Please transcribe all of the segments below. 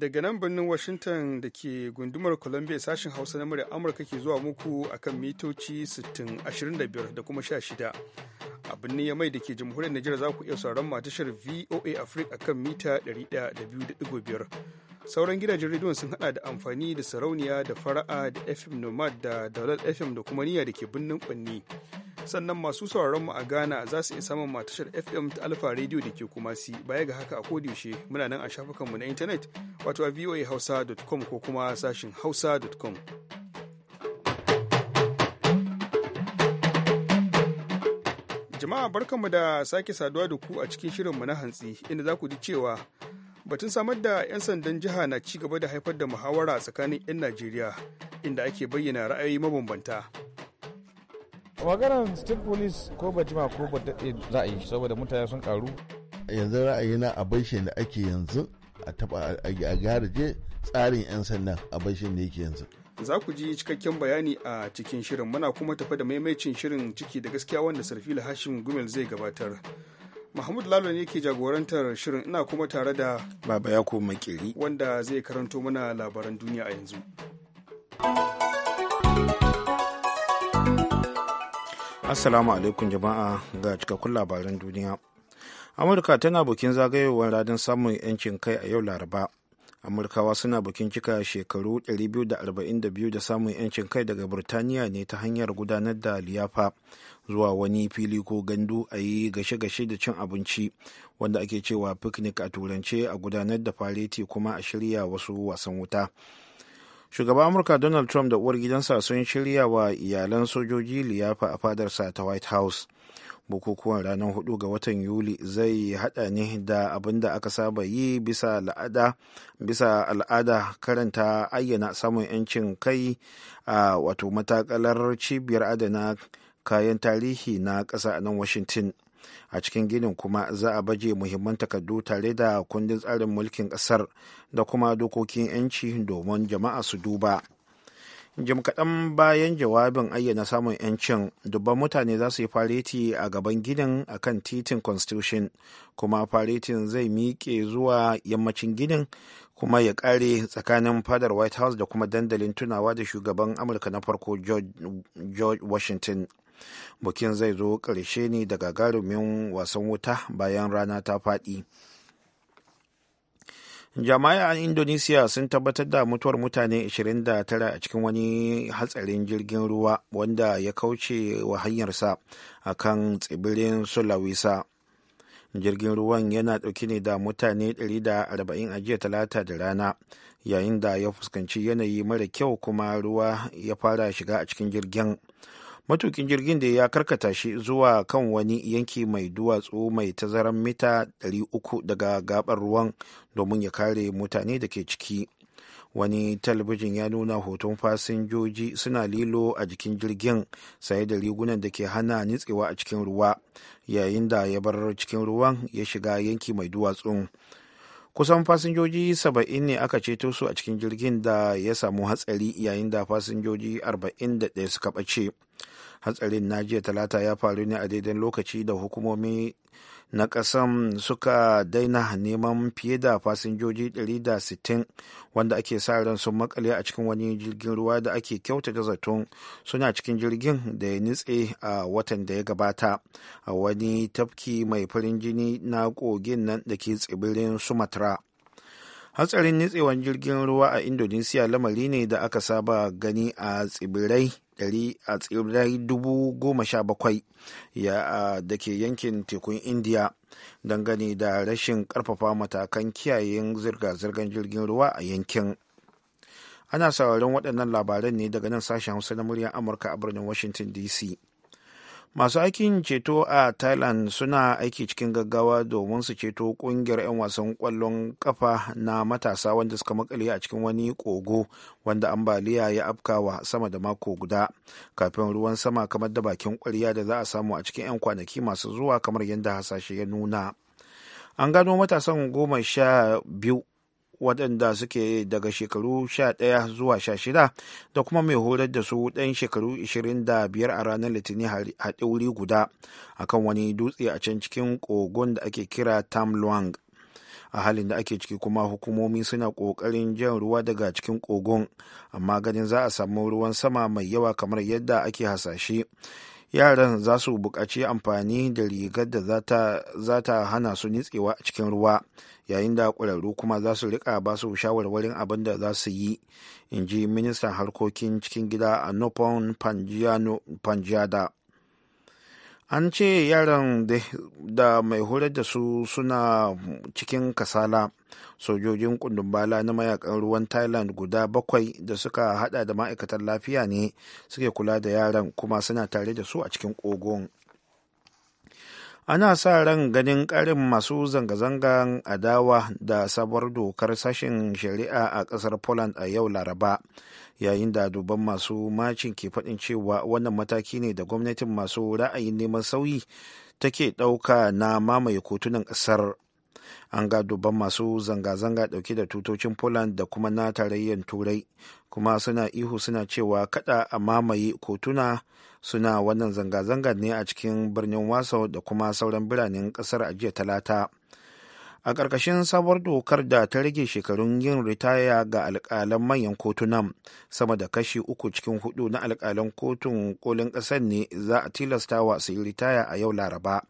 daga nan birnin Washington da ke gundumar Columbia sashen Hausa na murya Amurka ke zuwa muku akan mitoci 625 25 da kuma 16. A birnin Yamai da ke jamhuriyar Nijar za ku iya sauran matashar VOA Africa akan mita 2.5. sauran gidajen rediyon sun hada da amfani da sarauniya da fara'a da fm nomad da dalal fm da kuma niyya da ke birnin kwanni sannan masu sauraron mu a ghana za su iya samun matashar fm ta alfa radio da ke kuma si baya ga haka a kodiyoshe muna nan a shafukanmu na intanet wato a voahausa.com ko kuma sashin hausa.com jama'a barkanmu da sake saduwa da ku a cikin shirinmu na hantsi inda za ku ji cewa batun samar da 'yan sandan jiha na ci gaba da haifar da muhawara tsakanin 'yan najeriya inda ake bayyana ra'ayi mabambanta maganar state police ko bajima ko ba daɗe za saboda mutane sun karu yanzu ra'ayina a baishe da ake yanzu a taba a garaje tsarin 'yan sandan a baishe da yake yanzu za ku ji cikakken bayani a cikin shirin muna kuma tafa da maimacin shirin ciki da gaskiya wanda sarfila hashim gumel zai gabatar Mahmud Lalo ne ke jagorantar shirin ina kuma tare da Baba Yako Makiri wanda zai karanto mana labaran duniya a yanzu. Assalamu alaikum jama'a ga cikakkun labaran duniya. Amurka tana bukin zagayowar radin samun 'yancin kai a yau Laraba. amurkawa suna bikin cika shekaru 242 da samun 'yancin kai daga birtaniya ne ta hanyar gudanar da liyafa zuwa wani fili ko gandu a yi gashe-gashe da cin abinci wanda ake cewa picnic a turance a gudanar da fareti kuma a shirya wasu wasan wuta shugaban amurka donald trump da uwar gidansa sun shirya wa iyalan sojoji liyafa a fadarsa ta white house bukukuwan ranar 4 ga watan yuli zai hada ne da abin da aka saba yi bisa al'ada bisa al'ada karanta ayyana samun 'yancin kai a wato matakalar cibiyar adana kayan tarihi na ƙasa nan washington a cikin ginin kuma za a baje muhimman takardu tare da kundin tsarin mulkin ƙasar da kuma dokokin 'yanci domin jama'a su duba jim kaɗan bayan jawabin ayyana samun 'yancin dubban mutane za su yi fareti a gaban ginin a kan titin constitution kuma faretin zai miƙe zuwa yammacin ginin kuma ya ƙare tsakanin fadar white house da kuma dandalin tunawa da shugaban amurka na farko george washington bukin zai zo karshe ne daga gagarumin wasan wuta bayan rana ta faɗi jami'an indonesiya sun tabbatar da mutuwar mutane 29 a cikin wani hatsarin jirgin ruwa wanda ya kauce wa hanyarsa a kan tsibirin sulawisa jirgin ruwan yana ɗauki ne da mutane 140 a jiya talata da rana yayin da ya fuskanci yanayi mara kyau kuma ruwa ya fara shiga a cikin jirgin matukin jirgin da ya karkata shi zuwa kan wani yanki mai duwatsu mai tazaran mita 300 daga gabar ruwan domin ya kare mutane da ke ciki wani talabijin ya nuna hoton fasinjoji suna lilo a jikin jirgin saye da rigunan da ke hana nitsewa a cikin ruwa yayin da ya bar cikin ruwan ya shiga yanki mai duwatsu kusan fasinjoji saba'in ne aka ceto su a cikin jirgin da ya samu hatsari yayin da fasinjoji arba'in da ɗaya suka ɓace hatsarin na jiya talata ya faru ne a daidai lokaci da hukumomi na kasan suka daina neman fiye da fasinjoji 160 wanda ake sa ran sun makale a cikin wani jirgin ruwa da ake kyautata zaton suna cikin jirgin da ya nitse a watan da ya gabata a wani tafki mai farin jini na kogin nan da ke tsibirin sumatra hatsarin nitsewan jirgin ruwa a indonesia lamari ne da aka saba gani a tsibirai ɗari a tsirrai dubu goma sha bakwai da ke yankin tekun indiya dangane da rashin ƙarfafa matakan kiyayen zirga-zirgar jirgin ruwa a yankin ana sauraron waɗannan labaran ne daga nan sashen hausa na muryar amurka a birnin washington dc masu aikin ceto a thailand suna aiki cikin gaggawa domin su ceto kungiyar 'yan wasan kwallon kafa na matasa wanda suka makale a cikin wani kogo wanda ambaliya ya afkawa sama da mako guda kafin ruwan sama kamar da bakin kwarya da za a samu a cikin 'yan kwanaki masu zuwa kamar yadda hasashe ya nuna an gano matasan goma sha biyu waɗanda suke daga shekaru 11 zuwa 16 da kuma mai horar da su ɗan shekaru 25 a ranar litinin haɗe wuri guda kan wani dutse a can cikin kogon da ake kira tam luang a halin da ake ciki kuma hukumomi suna ƙoƙarin jan ruwa daga cikin kogon amma ganin za a samu ruwan sama mai yawa kamar yadda ake hasashe yaran za su buƙaci amfani da rigar da za ta hana su nitsewa a cikin ruwa yayin da ƙwararru kuma za su rika ba su shawarwarin abin da za su yi in ji ministan harkokin cikin gida a nufon panjiyada an ce yaran da mai horar da su suna cikin kasala sojojin kundin na mayakan ruwan thailand guda bakwai da suka hada da ma'aikatar lafiya ne suke kula da yaran kuma suna tare da su a cikin kogon ana sa ran ganin ƙarin masu zanga-zangan adawa da sabuwar dokar sashen shari'a a ƙasar poland a yau laraba yayin da duban masu macin ke faɗin cewa wannan mataki ne da gwamnatin masu ra'ayin neman sauyi take ɗauka na mamaye kotunan ƙasar an ga dubban masu zanga-zanga dauke da tutocin poland da kuma na tarayyar turai kuma suna ihu suna cewa kada a mamaye kotuna suna wannan zanga zanga ne a cikin birnin wasau da kuma sauran biranen kasar a jiya talata a ƙarƙashin sabuwar dokar da ta rage shekarun yin ritaya ga alƙalan manyan kotunan sama da kashi uku cikin hudu na alƙalan kotun kolin ƙasar ne za a tilastawa su yi ritaya a yau laraba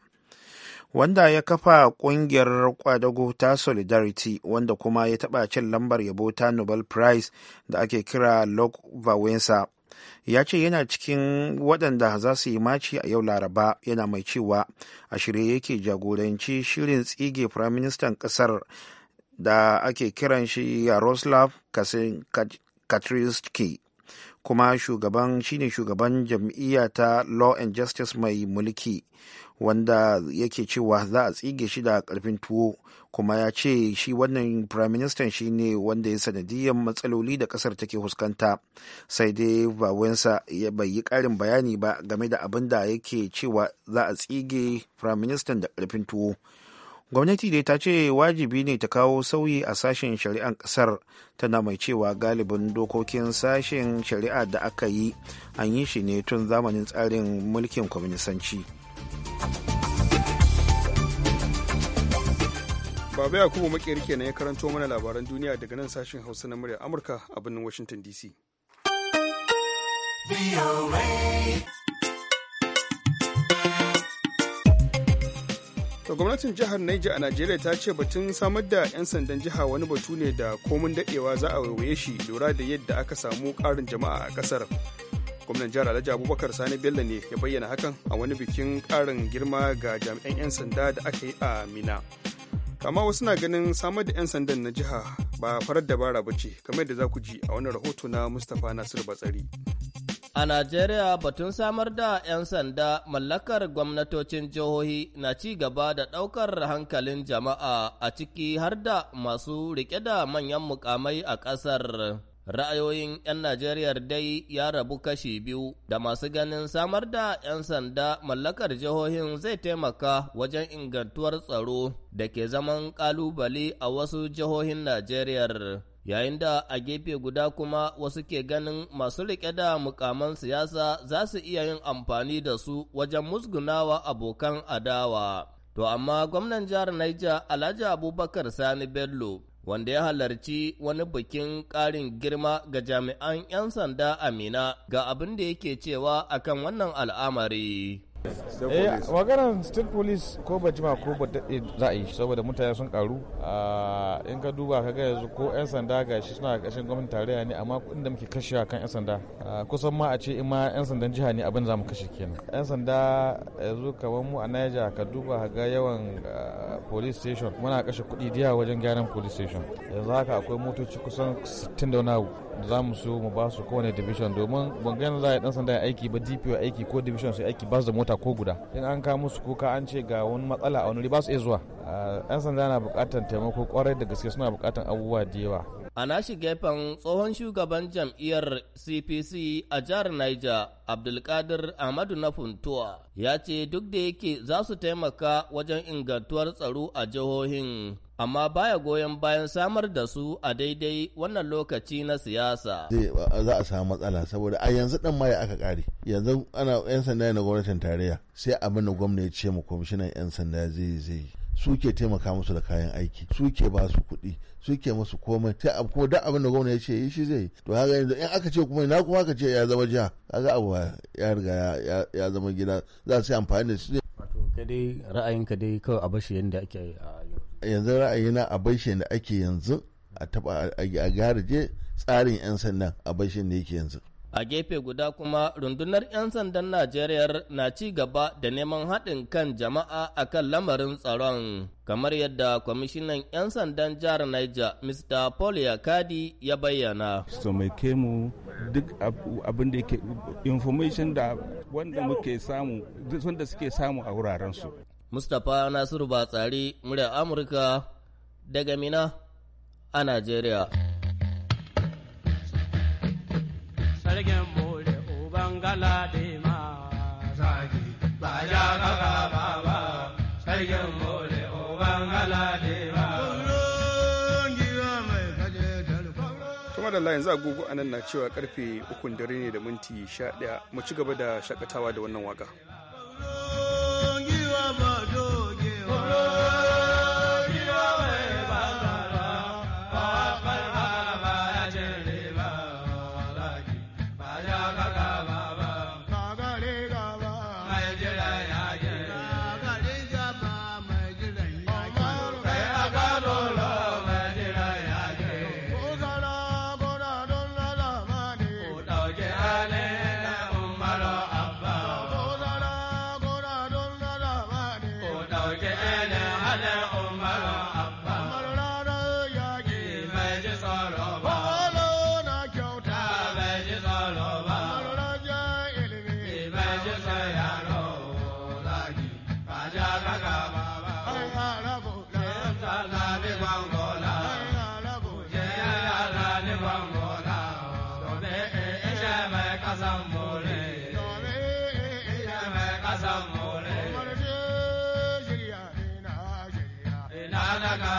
wanda ya kafa kungiyar kwadago ta solidarity wanda kuma ya taba cin lambar yabo ta nobel prize da ake kira lok vawensa ya ce yana cikin waɗanda za su yi maci a yau laraba yana mai cewa a shirye yake jagoranci shirin tsige firaministan ƙasar da ake kiran shi yaroslav katrinski kuma shugaban shine shugaban jam'iyya ta law and justice mai mulki wanda yake cewa za a tsige shi da karfin tuwo kuma ya ce shi wannan prime minister shi ne wanda ya sanadiyar matsaloli da kasar take huskanta sai dai bawensa ya bai yi karin bayani ba game da abin da yake cewa za a tsige prime minister da karfin tuwo gwamnati dai ta ce wajibi ne ta kawo sauyi a sashen shari'ar kasar tana mai cewa galibin dokokin sashen shari'a da aka yi an yi shi ne tun zamanin tsarin mulkin kwaminisanci. Baba Yakubu makeri kenan ya karanto mana labaran duniya daga nan sashen Hausa na muryar Amurka a birnin Washington DC. gwamnatin jihar Niger a Najeriya ta ce batun samar da 'yan sandan jiha wani batu ne da komin daɗewa za a waiwaye shi lura da yadda aka samu ƙarin jama'a a ƙasar. gwamnan jihar alhaji abubakar sani bello ne ya bayyana hakan a wani bikin karin girma ga jami'an 'yan sanda da aka yi a mina kama wasu na ganin samar da 'yan sandan na jiha ba farar dabara ba ce kamar yadda za ku ji a wani rahoto na mustapha nasiru batsari A Najeriya batun samar da 'yan sanda mallakar gwamnatocin jihohi na ci gaba da ɗaukar hankalin jama'a a ciki har da masu rike da manyan mukamai a ƙasar. Ra'ayoyin 'yan Najeriya dai ya rabu kashi biyu da masu ganin samar da 'yan sanda mallakar jihohin zai taimaka wajen ingantuwar tsaro da ke zaman ƙalubale a wasu jihohin Najeriya. Yayin da a gefe guda kuma wasu ke ganin masu riƙe da mukaman siyasa za su iya yin amfani da su wajen musgunawa abokan adawa. To amma gwamnan jihar Niger Alhaji Abubakar Sani Bello wanda ya halarci wani bikin ƙarin girma ga jami'an 'yan sanda Amina ga abin da yake cewa akan wannan al'amari. Eh, a maganar state police ko ba jima ko ba daɗe za a yi saboda mutane sun karu ah, in ka duba ka ga yanzu ko 'yan sanda ga shi suna ƙarshen gwamnati tarayya ne amma kuɗin da muke kashe kan 'yan sanda ah, kusan ma a ce in ma 'yan sandan jiha ne abin za mu kashe kenan 'yan sanda yanzu kamar mu a niger ka duba ka ga yawan ah, police station muna kashe kuɗi diya wajen gyaran police station yanzu haka akwai motoci kusan 60 da wani abu za mu so mu ba su kowane division domin ban za a yi ɗan sanda aiki ba dpo aiki ko division su aiki ba su da mota wata ko guda in an kawo musu kuka an ce ga wani matsala a wani ba su iya zuwa yan sanda na bukatar taimako kwarai da gaske suna bukatar abubuwa da yawa a nashi gefen tsohon shugaban jam'iyyar cpc a jihar niger abdulkadir ahmadu na funtuwa ya ce duk da yake za su taimaka wajen ingantuwar tsaro a jihohin amma baya goyon bayan samar da su a daidai wannan lokaci na siyasa. Za a samu matsala saboda a yanzu dan maye aka kare yanzu ana yan sanda na gwamnatin tarayya sai abin da gwamna ya ce ma kwamishinan yan sanda zai zai su ke taimaka musu da kayan aiki su ke ba su kuɗi su ke musu komai sai kuma duk abin da gwamna ya ce yi shi zai to haka yanzu in aka ce kuma na kuma aka ce ya zama jiha kaga abu ya riga ya zama gida za su yi amfani da shi. wato ka dai ra'ayinka dai kawai a bashi yadda ake a yanzu ra'ayina a bashin da ake yanzu a taba a garaje tsarin 'yan sandan a bashin da yake yanzu a gefe guda kuma rundunar 'yan sandan najeriya na ci gaba da neman haɗin kan jama'a a kan lamarin tsaron kamar yadda kwamishinan 'yan sandan jihar niger mr paul yakadi ya bayyana so mai kemu duk abin da yake information da wanda muke samu wanda suke samu a wuraren su. Mustapha Nasiru Batsari, murya Amurka daga Mina a Najeriya. Sarkin Kuma da za agogo a nan na cewa karfe ukun dare ne da minti sha mu ci gaba da shakatawa da wannan waka. samore. Umar shejiriya ina jiriya. Ina daga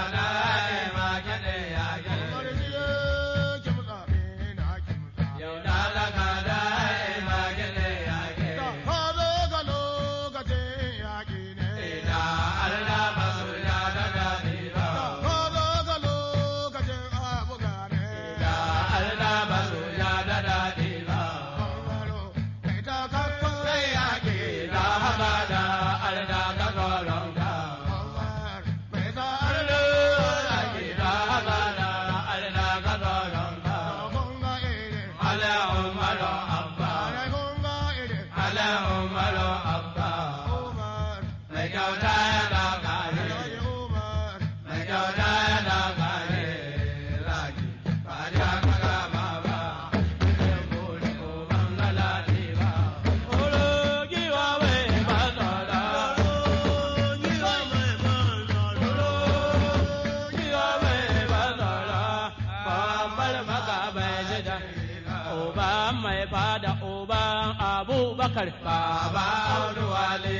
abubakar baba audu wali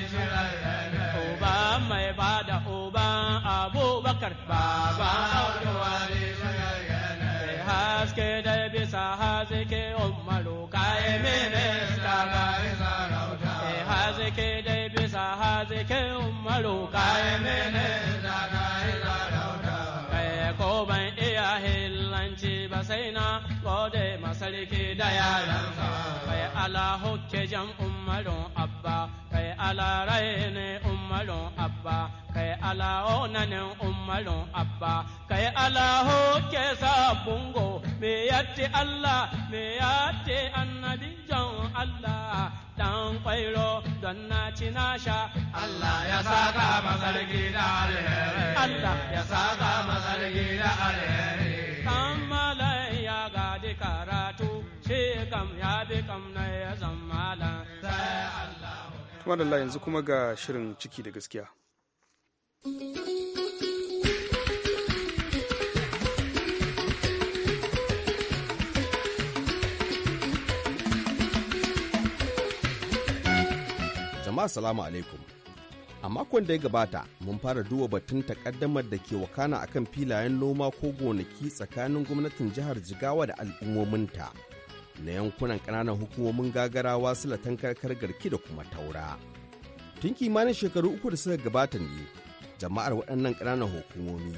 uba mai bada abu bakar. baba audu wali haske da bisa hazike umaru kai minista kai sarauta hazike da bisa hazike umaru kai minista kai sarauta kai ko ban iya hillanci ba sai na gode masarki da yaransa ala hokke jam abba kai ala raine ummalon abba kai ala onanen ummalon abba kai ala hokke sabungo me yatte allah me yatte annabijan allah dan kwairo don na ci nasha allah ya saka masarki da alheri allah ya saka masarki da alheri kam da yanzu kuma ga shirin ciki da gaskiya jama'a salamu alaikum a makon da ya gabata mun fara duba batun takaddamar da ke wakana akan filayen noma ko gonaki tsakanin gwamnatin jihar jigawa da al'ummominta na yankunan ƙananan hukumomin gagarawa silatan karkar garki da kuma taura tun kimanin shekaru uku da suka gabata ne jama'ar waɗannan ƙananan hukumomi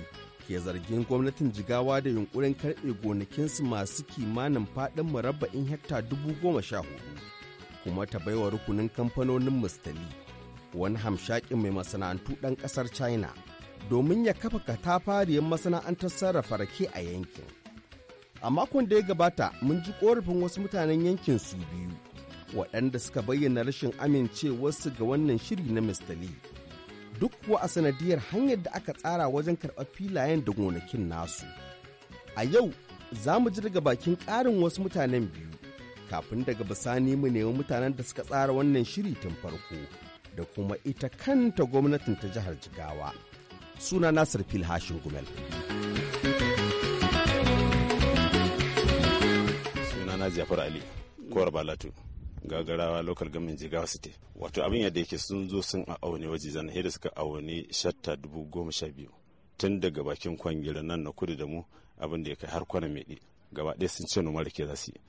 ke zargin gwamnatin jigawa da yunkurin karɓe gonakinsu masu kimanin faɗin murabba'in hekta dubu goma sha hudu kuma ta baiwa rukunin kamfanonin mustali wani hamshakin mai masana'antu ɗan ƙasar china domin ya kafa katafariyar masana'antar sarrafa rake a yankin a makon da ya gabata mun ji korafin wasu mutanen yankin su biyu waɗanda suka bayyana rashin amincewarsu ga wannan shiri na Mr. Lee. Duk kuwa a sanadiyar hanyar da aka tsara wajen karɓar filayen da gonakin nasu. A yau za mu ji daga bakin ƙarin wasu mutanen biyu kafin daga bisani mu nemi mutanen da suka tsara wannan shiri tun farko da kuma ita kanta gwamnatin ta jihar Jigawa. Suna Nasir Filhashin Gumel. Gumel. sunana jafar ali kowar balatu gagarawa local government jigawa city wato abin yadda yake sun zo sun a aune waje zan da suka aune shatta dubu goma sha biyu tun daga bakin kwangira nan na kudu da mu abin da ya kai har kwana mai gaba ɗaya sun ce numar ke za su yi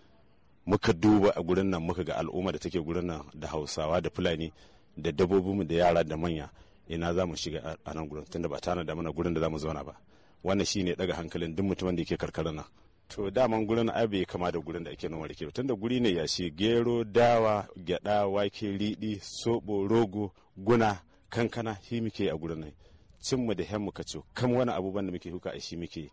muka duba a gurin nan muka ga al'umma da take gurin nan da hausawa da fulani da dabobinmu da yara da manya ina za mu shiga a nan gurin tunda ba tana da mana gurin da za mu zauna ba wannan shine daga hankalin duk mutumin da yake karkara nan to daman gurin abe kama da gurin da ake noma rake tunda guri ne yashi gero dawa gyada wake liɗi soɓo rogo guna kankana shi muke a gurin nan cinmu da hemu ka ce kam wani abubuwan da muke huka a shi muke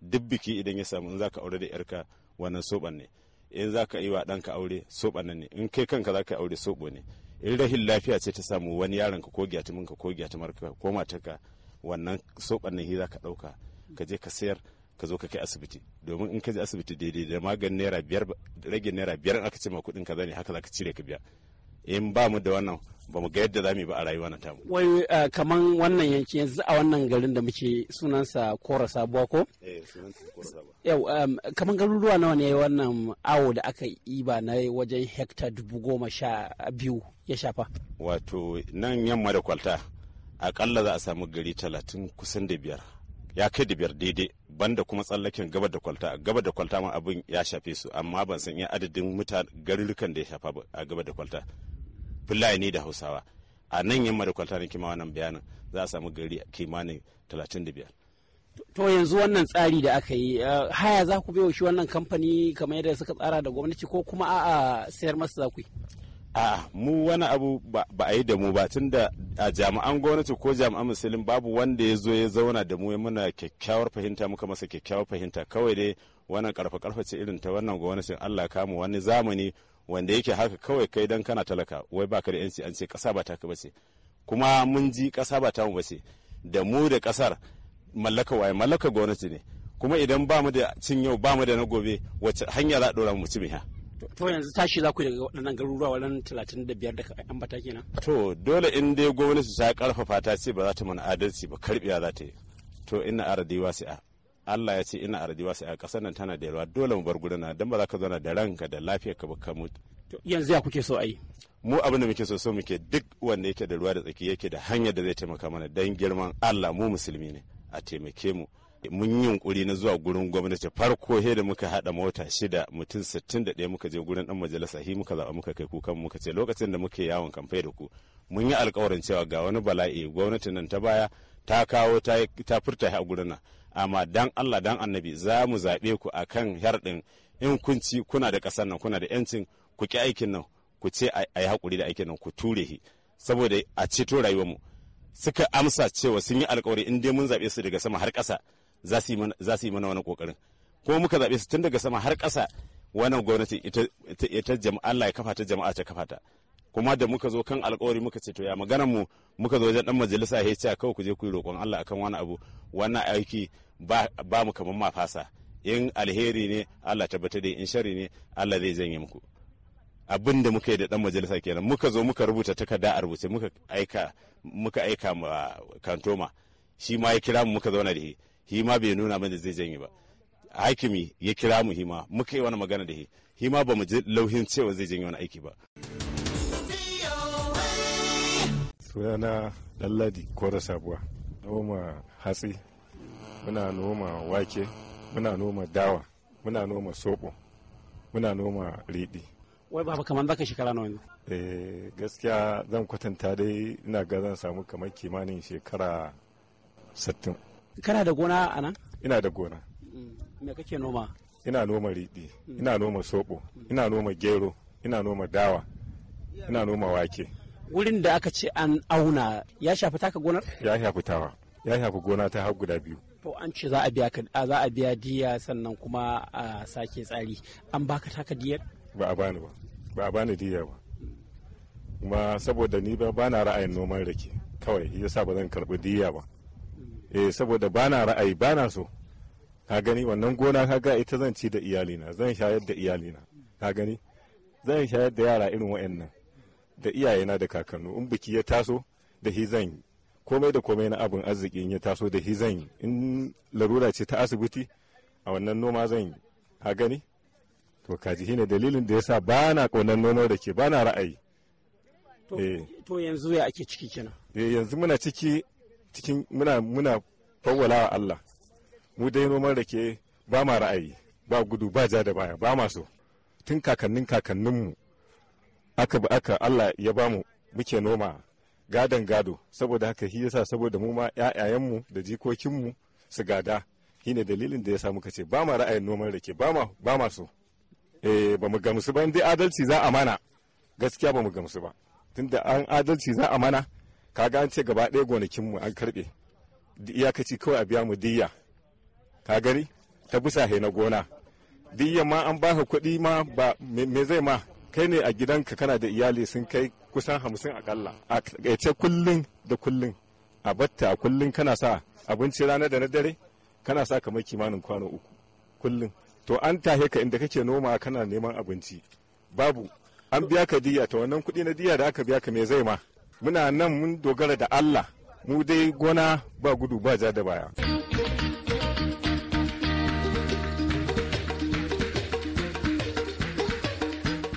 duk biki idan ya samu in zaka aure da yarka wannan soban ne in zaka yi wa ɗanka aure soban nan ne in kai kanka zaka aure soɓo ne in rahin lafiya ce ta samu wani ka ko gyatuminka ko gyatumarka ko matarka wannan soban nan shi zaka ɗauka ka je ka sayar ka zo ka kai asibiti domin in ka je asibiti daidai da maganin naira biyar rage naira biyar aka ce ma kudin ka zane haka za ka cire ka biya in ba mu da wannan ba mu ga yadda za mu yi ba a rayuwa na tamu. Wai eh, kaman wannan yanki yanzu a wannan garin da muke sunansa Kora Sabuwa ko? Eh sunansa Yau um, kaman garuruwa nawa ne wannan awo da aka yi ba na wajen hekta dubu goma sha biyu ya shafa? Wato nan yamma da kwalta akalla za a samu gari talatin kusan da biyar ya kai da biyar daidai banda kuma tsallaken gaba da kwalta gaba da kwalta ma abin ya shafe su amma ban san iya adadin mutane garurukan da ya shafa a gaba da kwalta fulani ne da hausawa a nan yamma da kwalta ne kima wannan bayanin za a samu gari kimanin talatin da biyar to yanzu wannan tsari da aka yi eh, haya za ku biyo shi wannan kamfani kamar yadda suka tsara da gwamnati ko kuma a'a sayar masa za ku yi A'a mu wani abu ba a yi da mu ba tun da a jami'an gwamnati ko jami'an musulun babu wanda ya zo ya zauna da mu ya muna kyakkyawar fahimta muka masa kyakkyawar fahimta kawai dai wannan karfa karfa ce irin ta wannan gwamnatin Allah kamu wani zamani wanda yake haka kawai kai dan kana talaka wai baka da yanci an ce kasa ba ka bace kuma mun ji kasa ba ta mu bace da mu da kasar mallaka waye mallaka gwamnati ne kuma idan ba mu da cin yau ba mu da na gobe wacce hanya za a dora mu ci ha to yanzu tashi za ku daga waɗannan garuruwa wajen talatin da biyar da ambata kenan. to dole in dai gwamnati ta karfafa ta ce ba za ta mana adalci ba karbiya za ta yi to ina aradi wasi'a Allah ya ce ina aradi wasi'a ƙasar nan tana da yalwa dole mu bar gudana don ba za ka zauna da ranka da lafiyar ka ba ka mutu. yanzu ya kuke so a yi. mu abin da muke so so muke duk wanda yake da ruwa da tsaki yake da hanyar da zai taimaka mana don girman Allah mu musulmi ne a taimake mu. mun yi yunkuri na zuwa gurin gwamnati farko he da muka hada mota shida mutum sittin muka je gurin dan majalisa hi muka zaba muka kai kukan muka ce lokacin da muke yawon kamfe da ku mun yi alkawarin cewa ga wani bala'i gwamnatin nan ta baya ta kawo ta furta a gurin nan amma dan Allah dan annabi za mu zaɓe ku akan yarɗin in kun ci kuna da ƙasar nan kuna da yancin ku ki aikin nan ku ce a yi haƙuri da aikin nan ku ture shi saboda a ceto rayuwarmu suka amsa cewa sun yi alkawari in dai mun zaɓe su daga sama har ƙasa za su yi mana wani kokarin kuma muka zaɓe su tun daga sama har ƙasa wannan gwamnati ita jama'a Allah ya kafa ta jama'a ta kafa ta kuma da muka zo kan alkawari muka ce to ya maganar mu muka zo wajen dan majalisa ya ce kawai ku je ku yi roƙon Allah akan wani abu wannan aiki ba ba mu kaman ma in alheri ne Allah tabbata dai in shari ne Allah zai janye muku abin da muka yi da dan majalisa kenan muka zo muka rubuta takarda a rubuce muka aika muka aika ma kantoma shi ma ya kira mu muka zauna da shi hima bai nuna mana zai janye ba hakimi ya kira mu hima muka yi wani magana da hima ba mu ji lauhin cewa zai janye wani aiki ba lalladi ko da sabuwa noma hatsi muna noma wake muna noma dawa muna noma soɓo muna noma riɗi wai baba kamar zaka shekara nawa wani. eh gaskiya zan kwatanta dai ina ga zan samu kamar kimanin shekara sittin Kana da gona a nan? Ina da gona. Mm. Me kake noma? Ina noma riɗi, mm. ina noma soɓo, mm. ina noma gero, ina noma dawa, ina noma wake. Wurin da aka ce an auna ya shafi taka gonar? Ya shafi tawa, ya shafi gona ta har guda biyu. To an ce za a biya diya sannan kuma a sake tsari. An baka taka diyar? Ba a bani ba, ba a bani diya ba. Kuma saboda ni ba na ra'ayin noman rake kawai yasa ba zan karɓi diya ba. eh saboda bana ra'ayi bana so ka gani wannan gona ka ga ita zan ci da iyalina zan shayar da iyalina ka gani zan shayar da yara irin wa'annan da iyayena da kakannu in biki ya taso da hi zan yi komai da komai na abin arziki ya taso da hi zan yi in larura ce ta asibiti a wannan noma zan yi ka gani to kaji shine dalilin da yasa ba na ƙaunar nono da ke ba na ra'ayi eh. to yanzu ya ake ciki kenan eh, yanzu muna ciki cikin muna muna fawwala wa Allah mu dai noman rake ba ma ra'ayi ba gudu ba ja da baya ba ma so tun kakannin kakanninmu aka ba aka Allah ya ba mu muke noma gadon gado saboda haka shi yasa saboda mu ma ƴaƴayenmu da jikokinmu su gada shi ne dalilin da yasa muka ce ba ma ra'ayin noman rake ba ma ba ma so eh ba mu gamsu ba dai adalci za a mana gaskiya ba mu gamsu ba tunda an adalci za a mana kaga an ce gaba ɗaya mu an karɓe iyakaci kawai a biya mu diyya ka gani ta bisa na gona diyya ma an baka kuɗi ma ba me zai ma kai ne a gidanka kana da iyali sun kai kusan hamsin akalla a ce kullum da kullum a batta a kullum kana sa abinci rana da na dare kana sa kamar kimanin kwano uku kullum to an tahe ka inda kake noma kana neman abinci babu an biya ka diya ta wannan kuɗi na diya da aka biya ka me zai ma muna nan mun dogara da Allah mu dai gona ba gudu ba ja da baya.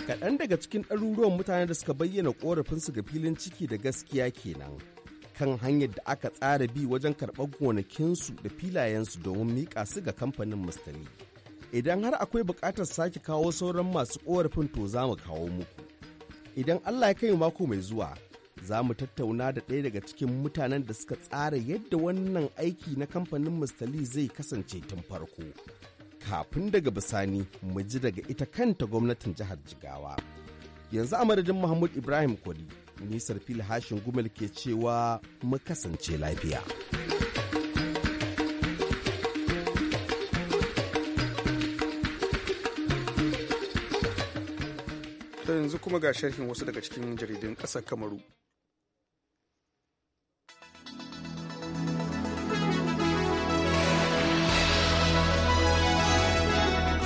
Kaɗan daga cikin ɗaruruwan mutane da suka bayyana ƙorafinsu ga filin ciki da gaskiya kenan kan hanyar da aka tsara bi wajen karɓar gonakinsu da filayensu domin miƙa su ga kamfanin mustali. Idan har akwai buƙatar sake kawo sauran masu ƙorafin to za mu kawo muku. Idan Allah ya kai mako mai zuwa za mu tattauna da ɗaya daga cikin mutanen da suka tsara yadda wannan aiki na kamfanin mustali zai kasance tun farko kafin daga bisani mu ji daga ita kanta gwamnatin jihar jigawa yanzu a madadin mahmud ibrahim Koli, nisar fil hashin gumel ke cewa mu kasance lafiya yanzu kuma ga sharhin wasu daga cikin jaridun ƙasar kamaru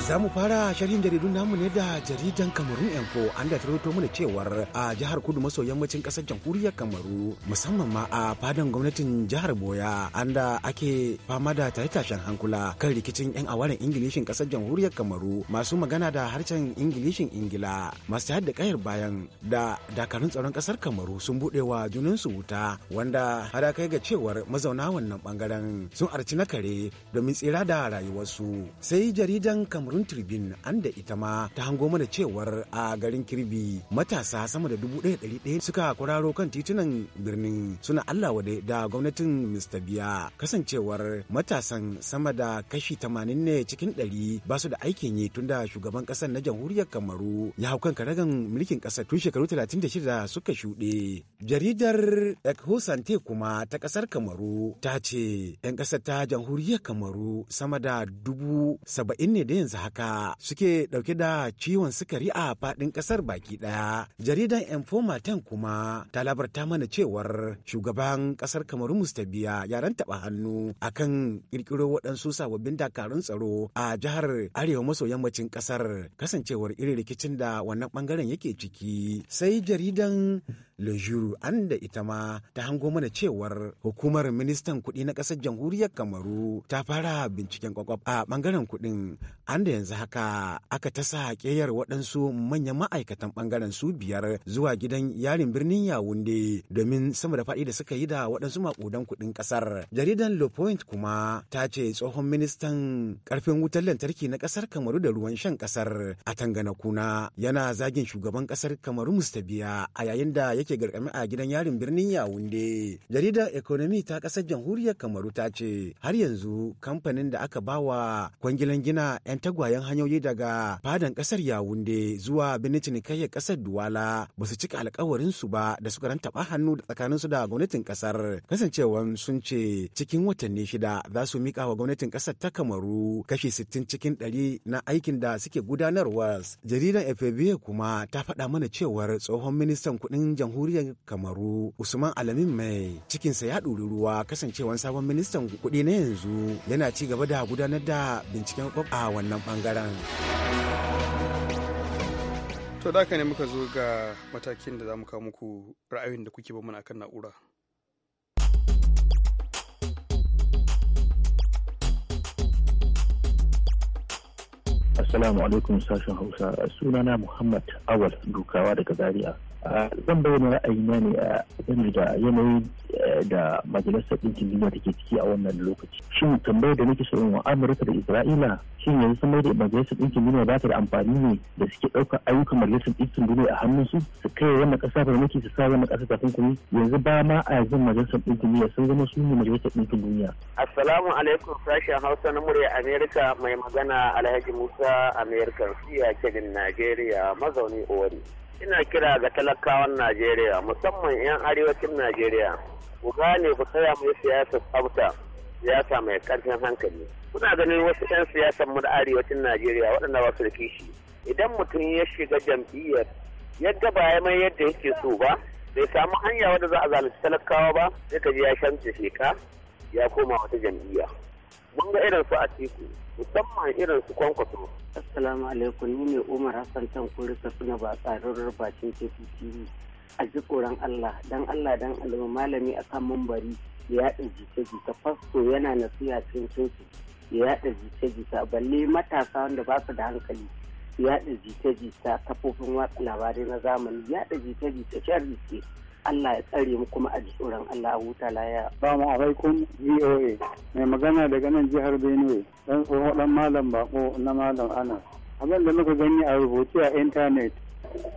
Za mu fara shirin jaridun namu ne da jaridan Kamarun Info an da tarwato mana cewar a jihar Kudu maso yammacin kasar jamhuriyar Kamaru musamman ma a fadan gwamnatin jihar Boya an da ake fama da tashen hankula kan rikicin 'yan awaren Ingilishin kasar jamhuriyar Kamaru masu magana da harshen Ingilishin Ingila masu da kayar bayan da dakarun tsaron kasar Kamaru sun buɗe wa junansu wuta wanda har kai ga cewar mazauna wannan bangaren sun arci na kare domin tsira da rayuwarsu sai jaridan Kamaru jaridun an da ita ma ta hango mana cewar a garin kirbi matasa sama da dubu ɗaya ɗari ɗaya suka kwararo kan titunan birnin suna allah wade da gwamnatin mr biya kasancewar matasan sama da kashi tamanin ne cikin ɗari ba su da aikin yi tunda shugaban ƙasar na jamhuriyar kamaru ya hau kan karagan mulkin ƙasar tun shekaru talatin da shida suka shuɗe jaridar ekhusante kuma ta ƙasar kamaru ta ce 'yan ƙasar ta jamhuriyar kamaru sama da dubu saba'in ne da yanzu haka suke ɗauke da ciwon sukari a faɗin ƙasar baki ɗaya. Jaridan Informa ten kuma ta labarta mana cewar shugaban ƙasar Kamaru Mustabiya yaren taɓa hannu akan ƙirƙiro waɗansu sababbin dakarun tsaro a jihar Arewa maso yammacin ƙasar kasancewar irin rikicin da wannan ɓangaren yake ciki. Sai jaridan Le Jour an da ita ma ta hango mana cewar hukumar ministan kuɗi na ƙasar jamhuriyar Kamaru ta fara binciken kwakwaf a ɓangaren kuɗin an da yanzu haka aka ta sa ƙeyar waɗansu manyan ma'aikatan ɓangaren su biyar zuwa gidan yarin birnin Yawunde domin sama da faɗi da suka yi da waɗansu maƙudan kuɗin ƙasar. Jaridan Le Point kuma ta ce tsohon ministan ƙarfin wutar lantarki na ƙasar Kamaru da ruwan shan ƙasar a Tangana Kuna yana zagin shugaban ƙasar Kamaru Mustabiya a yayin da yake garkami a gidan yarin birnin Yawunde. Jaridar Economy ta ƙasar jamhuriyar Kamaru ta ce har yanzu kamfanin da aka bawa kwangilan gina 'yan tagwa dogayen hanyoyi daga fadan kasar Yawunde zuwa birnin cinikayyar kasar Duwala ba su cika su ba da suka rantaba hannu da su da gwamnatin kasar kasancewar sun ce cikin watanni shida za su mika wa gwamnatin kasar ta Kamaru kashi sittin cikin ɗari na aikin da suke gudanarwa. Jaridan fba kuma ta faɗa mana cewar tsohon ministan kuɗin jamhuriyar Kamaru Usman Alamin Mai cikinsa ya ɗuri ruwa kasancewar sabon ministan kuɗi na yanzu yana ci gaba da gudanar da binciken kwab a wannan ɓangaren. To da ne muka zo ga matakin da za mu kawo muku ra'ayin da kuke mana akan na'ura. Assalamu alaikum sashen Hausa sunana Muhammad Awal Dukawa daga Zaria. zan bayyana ra'ayina ne eh, a game da yanayi eh, da majalisar ɗinkin duniya take ciki a wannan lokaci shin tambayar da nake shirin wa amurka da isra'ila shin yanzu sun da majalisar ɗinkin duniya ba ta da amfani ne da suke ɗaukar ayyukan majalisar ɗinkin duniya a hannun su su kai yamma ƙasa da nake su sa yamma ƙasa takunkumi yanzu ba ma a yanzu majalisar ɗinkin duniya sun zama su ne majalisar ɗinkin duniya. assalamu alaikum sashen hausa na murya amerika mai magana alhaji musa amerika siya kenan najeriya mazauni owari. ina kira ga talakawan najeriya musamman 'yan arewacin najeriya ku gane ku saya mai siyasa tsafta siyasa mai karfin hankali kuna ganin wasu 'yan siyasan mu arewacin najeriya waɗanda ba su da kishi idan mutum ya shiga jam'iyyar yadda ba ya mai yadda yake so ba bai samu hanya wadda za a zalunci talakawa ba sai ka ji ya shanta sheka ya koma wata jam'iyya mun ga irin su a tiku musamman irin su kwankwaso. Assalamu alaikum ni ne Umar Hassan Tankuri Katsina ba tsarin bakin TV A ji koran Allah, dan Allah dan alama malami a kan mambari ya yaɗa jita-jita fasto yana nasiya cikin coci ya yaɗa jita-jita balle matasa wanda ba su da hankali ya yaɗa jita-jita kafofin watsa labarai na zamani ya yaɗa jita-jita sharri ce. Allah ya tsare mu kuma a ji tsoron Allah huta laya. Salamu alaikum VOA mai magana daga nan jihar Benue dan tsoho dan malam bako na malam ana. Abin da muka gani a rubuce a intanet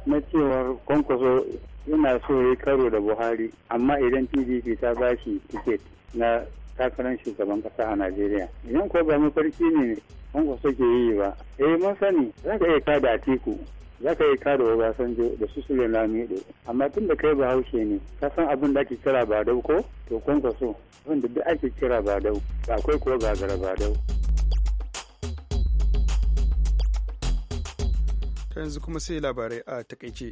na cewar kwankwaso yana so ya karo da Buhari amma idan PDP ta bashi tiket na takarar shugaban kasa a Najeriya. Idan ko ba mafarki ne kwankwaso ke yi ba. Eh mun sani za ka iya kada a tiku za ka yi kare Obasanjo da su Sule Lamido amma tun da kai bahaushe ne ka san abin da ake kira Badau ko to kun ka so abin da duk ake kira Badau akwai ko gagara Badau. ta yanzu kuma sai labarai a takaice.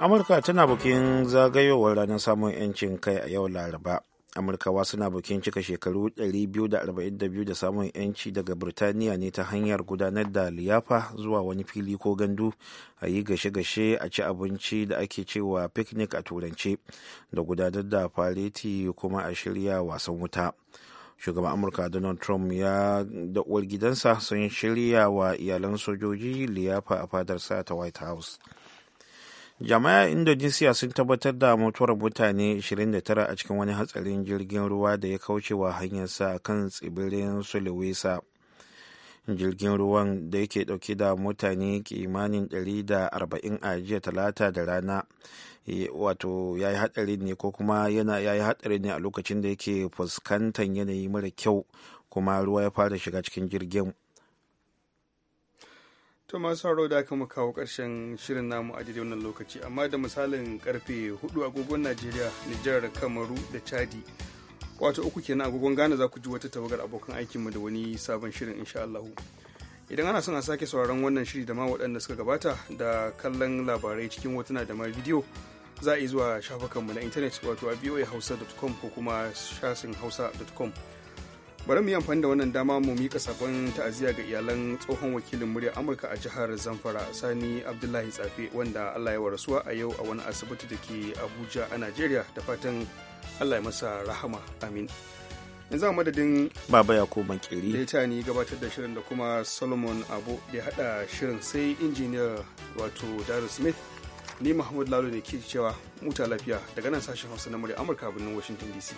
amurka tana bikin zagayowar ranar samun 'yancin kai a yau laraba amurkawa suna bukin cika shekaru 242 da samun yanci daga birtaniya ne ta hanyar gudanar da liyafa zuwa wani fili ko gandu a yi gashe-gashe a ci abinci da ake cewa picnic a turance da gudanar da fareti kuma a shirya wasan wuta shugaban amurka donald trump ya da uwar gidansa sun shirya wa iyalan sojoji liyafa a fadarsa ta white house jama'a indonesiya sun tabbatar da mutuwar mutane 29 a cikin wani hatsarin jirgin ruwa da ya kauce wa hanyarsa kan tsibirin sulawesa jirgin ruwan da yake dauke da mutane kimanin 140 a jiya talata da rana wato ya yi hatsari ne ko kuma yana ya yi hatsari ne a lokacin da yake fuskantar yanayi mara kyau kuma ruwa ya fara shiga cikin jirgin to masu haro da aka kawo karshen shirin namu a daidai wannan lokaci amma da misalin karfe 4 agogon najeriya nijar kamaru da chadi wato uku kenan agogon ghana za ku ji wata tawagar abokan aikinmu da wani sabon shirin insha allah idan ana son a sake sauraron wannan shiri da ma waɗanda suka gabata da kallon labarai cikin hotuna da ma bidiyo za a yi zuwa shafukanmu na intanet wato a voahausa.com ko kuma shasin hausa.com bari mu yi amfani da wannan dama mu mika sabon ta'aziyya ga iyalan tsohon wakilin murya amurka a jihar zamfara sani abdullahi tsafe wanda allah ya rasuwa a yau a wani asibiti da ke abuja a nigeria da fatan allah ya masa rahama amin yanzu a madadin baba ya koma kiri da ya ni gabatar da shirin da kuma solomon abu da ya hada shirin sai injiniya wato daru smith ni mahmud lalo ne ke cewa muta lafiya daga nan sashen hausa na murya amurka a birnin washington dc